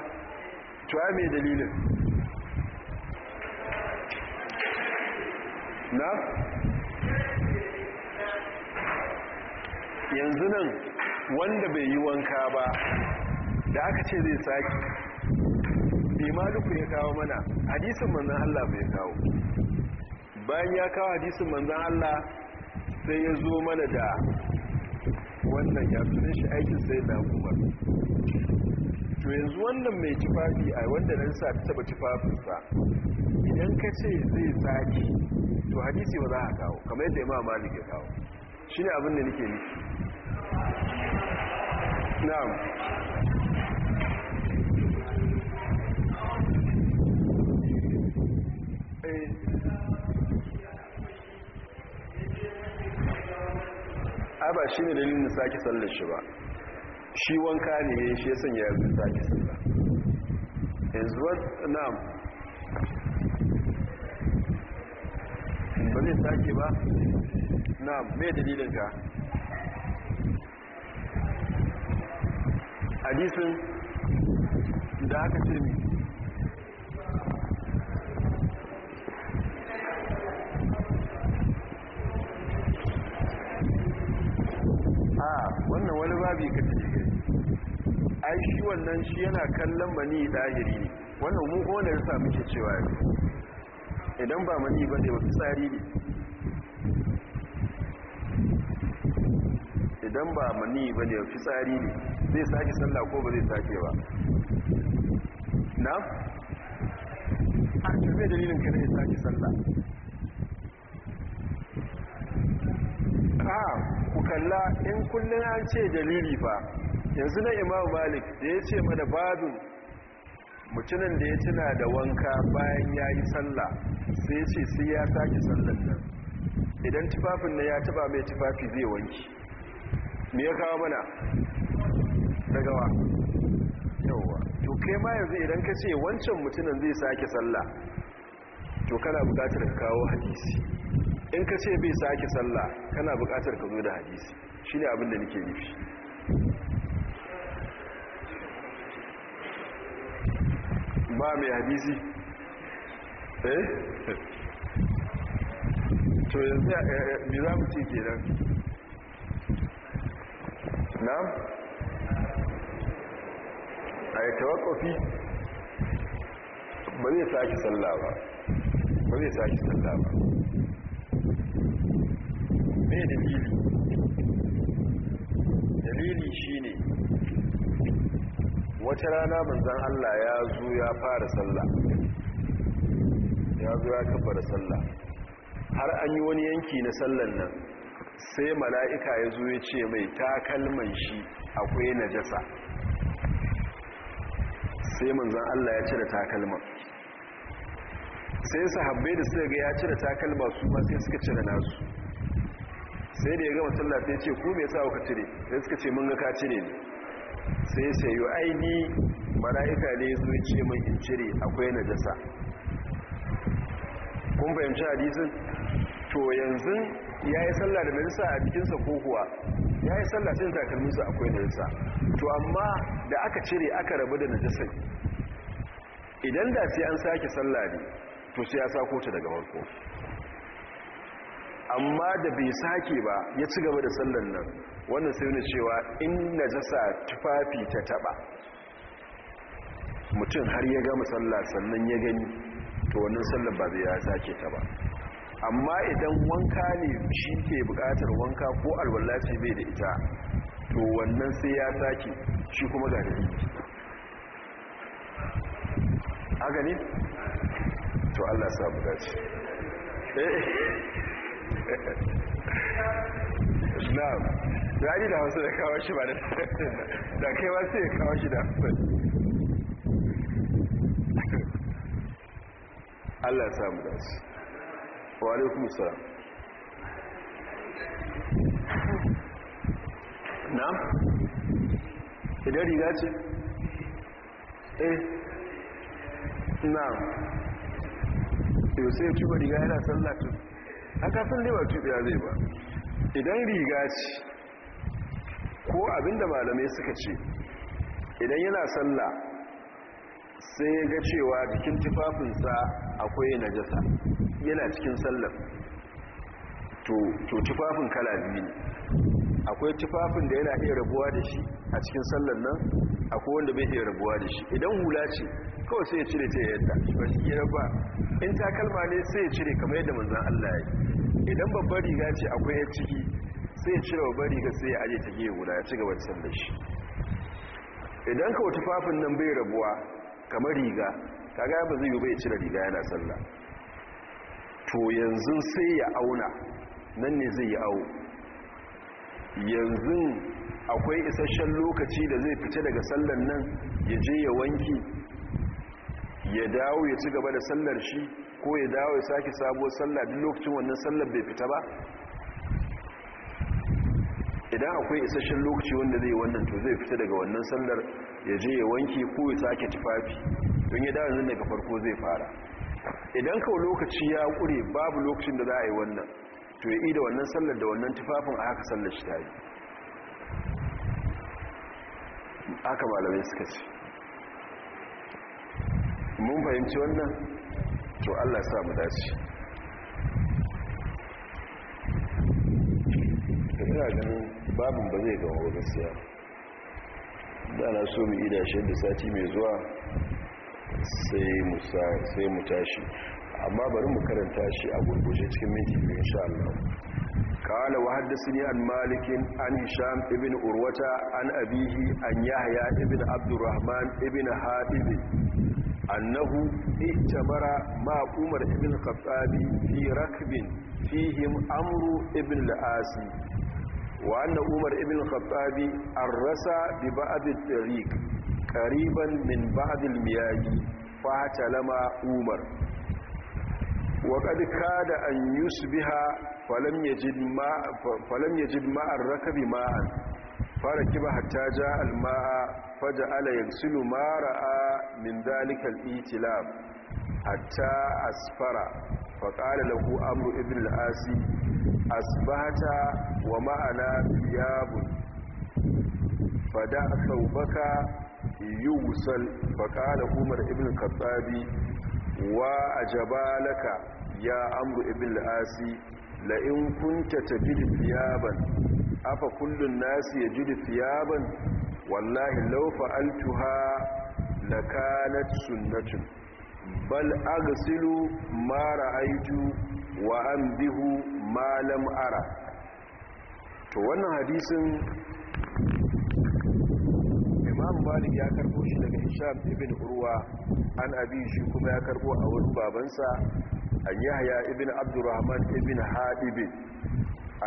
to a mai dalilin na yanzu nan wanda bai yi wanka ba da aka ce zai sake bai maluku ya kawo mana hadisun manzan allah bai kawo bayan ya kawo hadisin manzan Allah sai ya zo mana da wannan ya fi shi aikin sai na umar to yanzu wannan mai tufafi a wanda nan sa taba tufafinsa idan ka ce zai tsaki to hadisi ba za a kawo kamar yadda imam malik ya kawo shine abin da nake nufi na'am eh ba shi shine dalilin da sallar shi ba shi wanka ne ya shi ya sanya ya sake sallar yanzu what nam ba zai sake ba nam me dalilin ka hadisin da aka ce mi a wannan wani babi ka ce ai shi wannan shi yana kallon mani ɗahiri ne wannan mu kone ya sa muke cewa ne idan ba mani ba ne wasu tsari ne idan ba mani ba ne wasu tsari ne zai sake sallah ko ba zai sake ba na? arzikin zai dalilin kada ya sake sallah ku kalla in kullum an ce dalili ba, yanzu na imam malik da ya ce mana babin mutumin da ya tuna da wanka bayan ya yi sallah sai ya ce sai ya sake sallar nan idan tufafin na ya taba mai tufafi zai wanki me ya kawo mana dagawa yauwa to kai ma yanzu idan ka ce wancan mutumin zai sake sallah to kana bukatar kawo hadisi in ka ce bai sake sallah kana buƙatar ka zo da hadisi ne abin da nake nufi ba mai hadisi eh to yanzu ya eh, bi eh, za mu ce kenan na a yi tawakwafi ba zai sake sallah ba ba zai sake sallah ba me dalili dalili shine wata rana manzan Allah ya zo ya fara sallah ya zo ya kabbara sallah har an yi wani yanki na sallan nan sai mala'ika ya zo ya ce mai takalman shi akwai najasa sai manzan Allah ya cire takalman sai sahabbai da suka ga ya cire takalma su ma sai suka cire nasu sai da ya gama sallah sai ce ku me sa kuka cire sai suka ce mun ga ka cire ne sai sai yi aini mala'ika ne su ce mun in cire akwai najasa kun fahimci hadisin to yanzu ya yi sallah da najasa a jikinsa ko kuwa ya yi sallah sai takalminsa akwai najasa to amma da aka cire aka rabu da najasai idan da sai an sake sallah ne to sai ya sako ta daga farko amma da bai sake ba ya ci gaba da sallan nan wannan sai ne cewa in na najasa tufafi ta taba mutum har ya gama sallah sannan ya gani to wannan sallan ba zai ya sake ta ba amma idan wanka ne shi ke bukatar wanka ko alwallaci bai da ita to wannan sai ya sake shi kuma ga da a gani? to Allah dace eh. na'am zari da hausa da kawo shi ba da kai ba sai kawo shi da Allah ya samu da su wa alaikum na'am idan riga ce eh na'am yau sai ya ci ba riga yana sallatu an kasan lewa tubiya zai ba idan riga ce ko abinda malamai suka ce idan yana sallah sai ya ga cewa jikin tufafinsa akwai najasa yana cikin sallar to tufafin kala biyu ne akwai tufafin da yana iya rabuwa da shi a cikin sallar nan akwai wanda bai iya rabuwa da shi idan hula ce kawai sai ya cire ta yadda ba shi ya raba in takalma ne sai ya cire kamar yadda manzan Allah ya yi idan babbar riga ce akwai ya ciki sai cire babbar riga sai ya aje ta gefe guda ya ci gaba da sallar shi idan ka wata fafin nan bai rabuwa kamar riga gaya ba zai yi bai cire riga yana sallah to yanzu sai ya auna nan ne zai yi awo yanzu akwai isasshen lokaci da zai fita daga sallar nan ya je ya wanki ya dawo ya ci gaba da sallar shi ko ya dawo ya sake sabuwar sallah duk lokacin wannan sallar bai fita ba idan akwai isasshen lokaci wanda zai wannan to zai fita daga wannan sallar ya je ya wanki ko ya sake tufafi don ya dawo yanzu daga farko zai fara idan kawo lokaci ya kure babu lokacin da za a yi wannan to ya ida wannan sallar da wannan tufafin a haka sallar shi ta yi haka malamai suka ce mun fahimci wannan to allah ya samu dace ina ganin babin ba zai gama gaskiya da na so mu idashe da sati mai zuwa sai mu tashi amma bari mu karanta shi a gurgushe cikin minti biyu insha Allah قال وحدثني عن مالك عن an ابن أروة عن an عن يحيى ابن عبد الرحمن ابن حاتب annahu mara ma umar ibn khattabi fi rakbin fihim amru ibn al-asi wa anna umar ibn khattabi arrasa bi ba'd at-tariq qariban min ba'd al-miyaji fa talama umar wa qad kada an yusbiha falam yajid ma falam yajid ma'ar rakbi ma'an fara kiba hatta ja alma'a faja ala yaksilu a min dalikal itilab hatta asfara faƙala lahu amru ibn al'asi Asbahata wa ma'ana fiyabun fada saubaka yusal faƙala umar ibn katsabi wa a jabalaka ya amru ibn al'asi la'in kunta tafi afa kullun nasi ya jiri fiyaban wallahi law na kanat sunnatun bal agasilu mara ra'aytu wa an bihu malam ara to wannan hadisin imam malik ya karbo shi daga hisham ibn urwa an abi shi kuma ya karbo a wani babansa an yahya ibn abdurrahman ibn haɗibin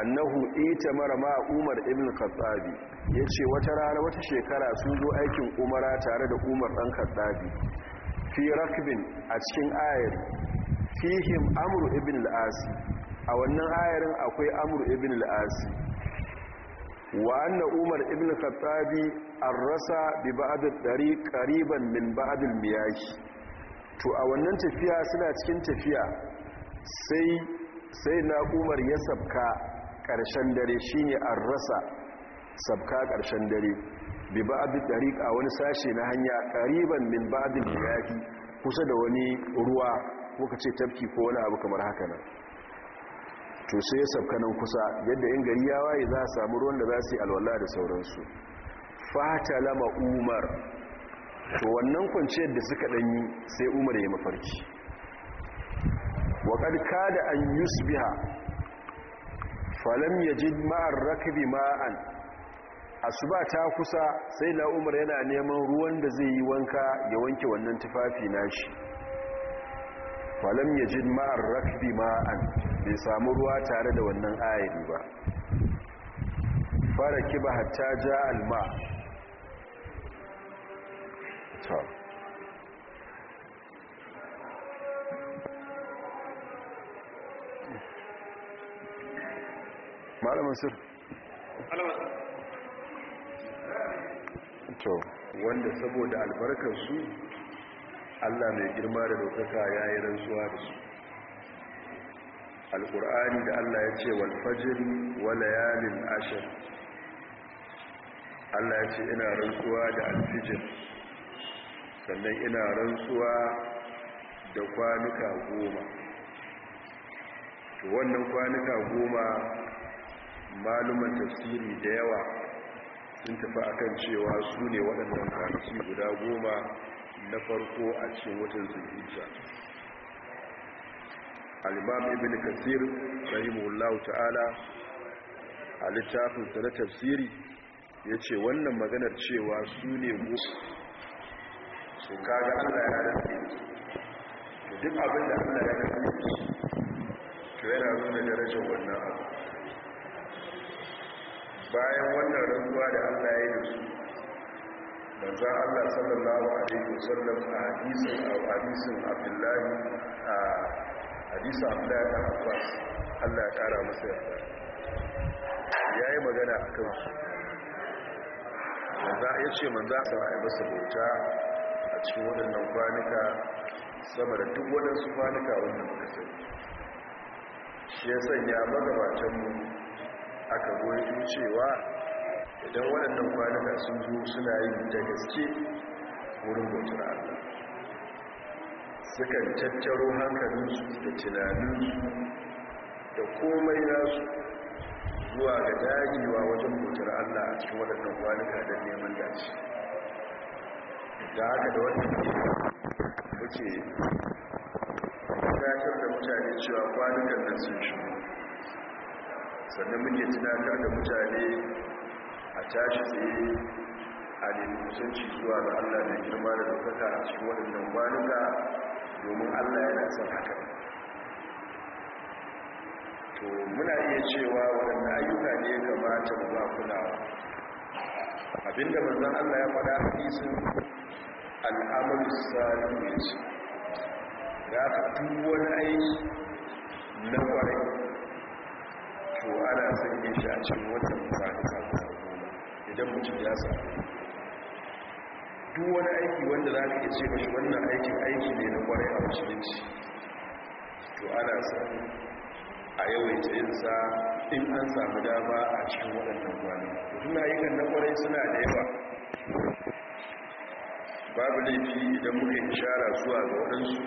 annahu ita mara ma umar ibn Katsabi, ya ce wata rana wata shekara sun zo aikin umara tare da umar ɗan Katsabi. fi rakbin a cikin ayar fihim Amur ibn al'asi a wannan ayarin akwai Amur ibn al'asi wa anna umar ibn an rasa bi ba'adar dari ƙariban min ba'adar miyashi to a wannan tafiya suna cikin tafiya sai na umar ya sabka ƙarshen dare shine an rasa sabka ƙarshen dare bi ba'adin a wani sashe na hanya ƙariban min ba'adin yafi kusa da wani ruwa muka ce tafki ko wani abu kamar haka nan to sai ya sabka nan kusa yadda in gari ya waye za a samu ruwan da za su yi alwala da sauransu fata lama umar to wannan kwanciyar da suka ɗanyi sai umar ya mafarki Wa ƙarƙa da an yusbiha falam yajid ma'ar rakbi ma'an asuba ta kusa sai na umar yana neman ruwan da zai yi wanka ya wanke wannan tufafi nashi falam yajid ma'ar rakbi ma'an bai samu ruwa tare da wannan ayari ba fara kiba hatta ja alma malamin sir to wanda saboda su allah mai girma da dokaka ya yi rantsuwa da su alkur'ani da allah ya ce wa layalin ashir allah ya ce ina rantsuwa da alfijir sannan ina rantsuwa da kwanuka goma wannan kwanuka goma maluman tafsiri da yawa sun tafi akan cewa su ne waɗannan kwanaki guda goma na farko a cikin watan zulhijja al-imam ibn kasir rahimahullahu ta'ala a littafin na tafsiri ya wannan maganar cewa su ne su kaga allah ya rantse duk abin da allah ya rantse to yana nuna darajar wannan abu bayan wannan rantsuwa da Allah ya yi da su za Allah sallallahu alaihi wasallam a hadisin a hadisin Abdullahi a hadisin Abdullahi da Abbas Allah ya kara masa yarda yayi magana akan su manzo ya ce manzo sallallahu alaihi bauta a cikin waɗannan kwanuka sama da duk waɗansu kwanuka wannan muka shi ya sanya magabatanmu aka goyi cewa idan waɗannan kwanaka sun zo suna yi da gaske wurin bautar allah sukan tattaro hankalinsu da tunaninsu da komai nasu zuwa ga dagewa wajen bautar allah a cikin waɗannan kwanaka don neman dace da haka da wannan muke gatar da mutane cewa kwanukan nan sun shi sannan muke tunatar da mutane a tashi tsaye a nemi kusanci zuwa ga allah da girma da ɗaukaka a cikin waɗannan kwanuka domin allah yana son haka to muna iya cewa waɗanda ayyuka ne ya kamata da ba kulawa abinda manzan allah ya faɗa a al'amalu salihu ne su da aka duk wani aiki na ƙwarai. to ana sanya shi a cikin watan faɗi idan mutum ya samu duk wani aiki wanda za ka ce mashi wannan aikin aiki ne na kwarai a musulunci to ana sami a yawaita sa in an samu dama a cikin waɗannan kwanan suna ayyukan na kwarai suna da yawa babu laifi idan muka shara zuwa ga waɗansu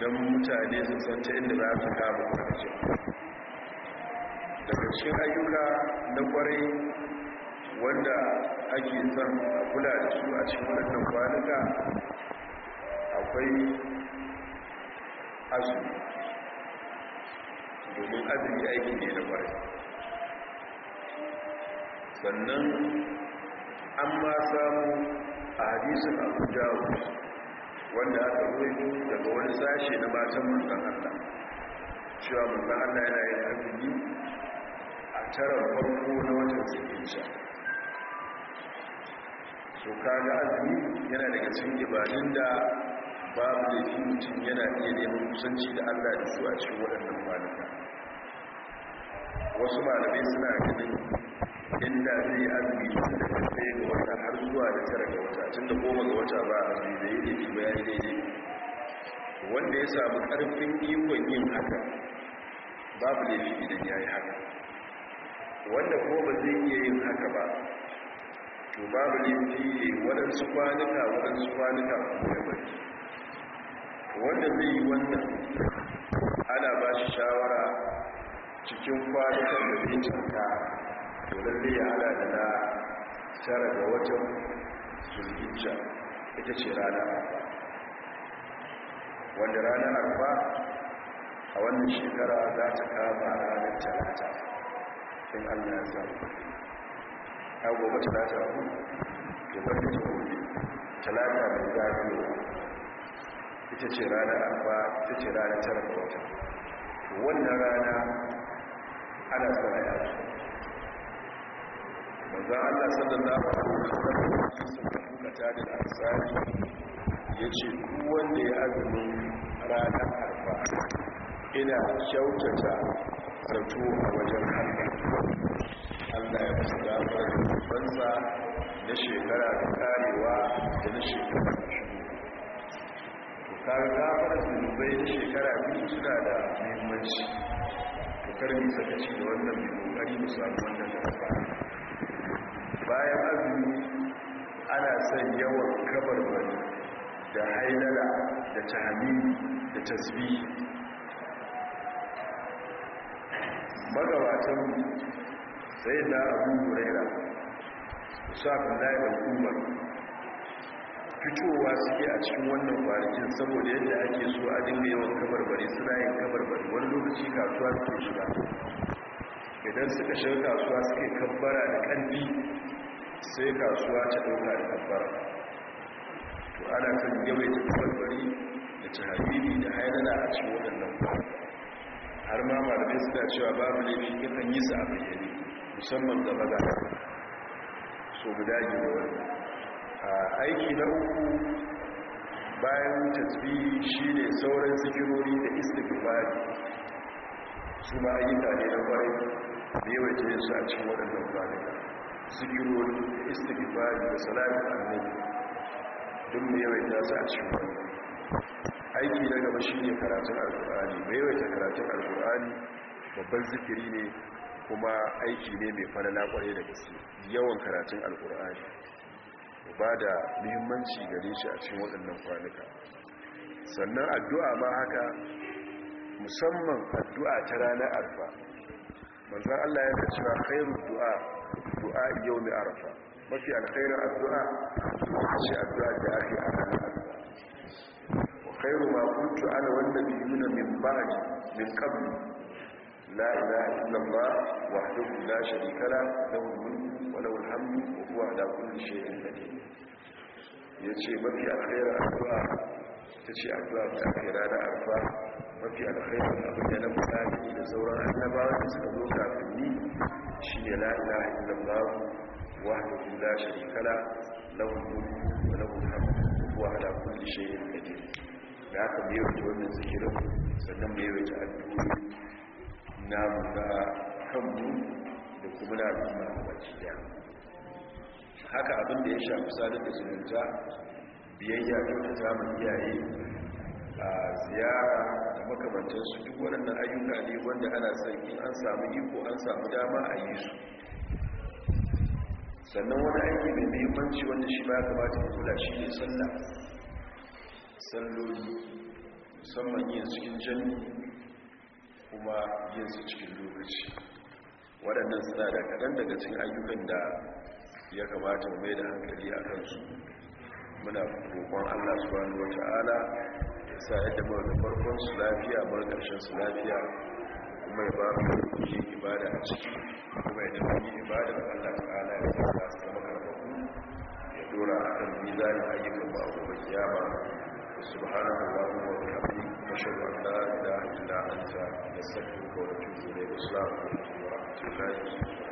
don mutane su san ta inda za su kama kwanacin daga cikin ayyuka na kwarai wanda ake zan a kula da su a cikin waɗannan kwanuka akwai azumi domin azumi aiki ne na kwarai sannan an ma samu a hadisun abu jawo wanda aka roƙi daga wani sashe na matan mutan Allah cewa mutan Allah yana yin azumi tarar farko na watan zulhijja so kaga azumi yana daga cikin ibadun da babu da shi mutum yana iya neman kusanci da Allah da su a cikin waɗannan kwanaka wasu malamai suna ganin inda zai azumi tun da ɗaya ga wata har zuwa da tara ga wata tun da goma ga wata ba a da zai ne ba ya yi daidai wanda ya samu ƙarfin ikon yin haka babu fi idan ya yi haka wanda ko ba zai iya yin haka ba to babu laifi ne waɗansu kwanuka waɗansu kwanuka kuma ya bari wanda zai yi wannan ana ba shi shawara cikin kwanukan da zai canta to lalle ya hada da na tara ga watan zulhijja ita ce rana arba wanda rana arba a wannan shekara za ta kama ranar talata sun allah ya sa ya gobe talata ku da karfe ta gobe talata mai zagayowa ita ce rana abba ita ce rana tara ga wata wannan rana ana tsara ya su manzo allah sallallahu alaihi wasallam bukata da tsari? ya ce wanda ya azumin ranar arfa ina kyautata karatu a wajen hannun allah ya fi damar banza na shekara da karewa da na shekara da shi to kare gafar zunubai na shekara biyu suna da muhimmanci to karni sakaci da wannan mai kokari musamman wannan gaba bayan azumi ana son yawan kabar wani da haidara da tahami da tasbi magabatan sai da abu huraira sa'adun laifin umar fitowa suke a cikin wannan kwanakin saboda yadda ake so a dinga yawan kabarbari suna yin kabarbari wani lokaci kasuwa suke shiga idan suka shiga kasuwa suke kabbara da ƙarfi sai kasuwa ta dauka da kabbara to ana kan yawaita kabarbari da tahabiri da haidala a cikin waɗannan kwanakin har ma malamai suna cewa babu laifi yakan yi sa a bayyane musamman ba maza so guda biyu a aiki na uku bayan shi ne sauran zikirori da istikbali su ma yi tare da kwarai da yawan ce su a cikin waɗannan kwanuka zikirori da istighfari da salatin annabi duk da yawan ta su a cikin wani aiki na gaba shi ne karatun alkur'ani maimaita karatun alkur'ani babban zikiri ne kuma aiki ne mai falala kwarai da gaske yawan karatun alkur'ani ba da muhimmanci gare shi a cikin waɗannan kwanuka sannan addu'a ma haka musamman addu'a ta ranar arfa manzan Allah ya ba kai du'a du'a yau mai arfa mafi alkhairar addu'a ce addu'a da ake a ranar khairu ma kuntu ana wannan biyuna min ba'di min qabl la ilaha illallah wahdahu la sharika la lahu al-mulku wa lahu al-hamdu wa huwa ala kulli shay'in qadir yace mafi alkhairu addu'a tace addu'a ta akhira da arfa mafi alkhairu abin da na mutane da sauran annabawa da suka zo kafin ni shine la ilaha illallah wahdahu la sharika la lahu al-mulku wa lahu al wa ala kulli shay'in qadir da aka mai yawaita wannan zikirin sannan mai yawaita addu'o'i na muka kanmu da kuma na al'umma a baki daya haka abin da ya shafi sadar da zumunta biyayya da zaman iyaye a ziyara da su duk waɗannan ayyuka ne wanda ana sarki an samu iko an samu dama a yi su sannan wani aiki mai muhimmanci wanda shi ba ya kamata kula shi ne sallah salloli musamman yin cikin jami kuma yin su cikin lokaci waɗannan suna da kaɗan daga cikin ayyukan da ya kamata mai da hankali a kansu muna roƙon allah subhanahu wa ta'ala ya sa yadda mara da farkon su lafiya bar ƙarshen su lafiya kuma ya ba mu yi ibada a ciki kuma ya yi ibada da allah ta'ala ya sa su zama karfafu ya dora a kan za ayyukan ba a gobe kiyama subhanahu wa ta'ala wa bihamdihi ashhadu an la ilaha illa anta astaghfiruka wa atubu ilayk assalamu alaikum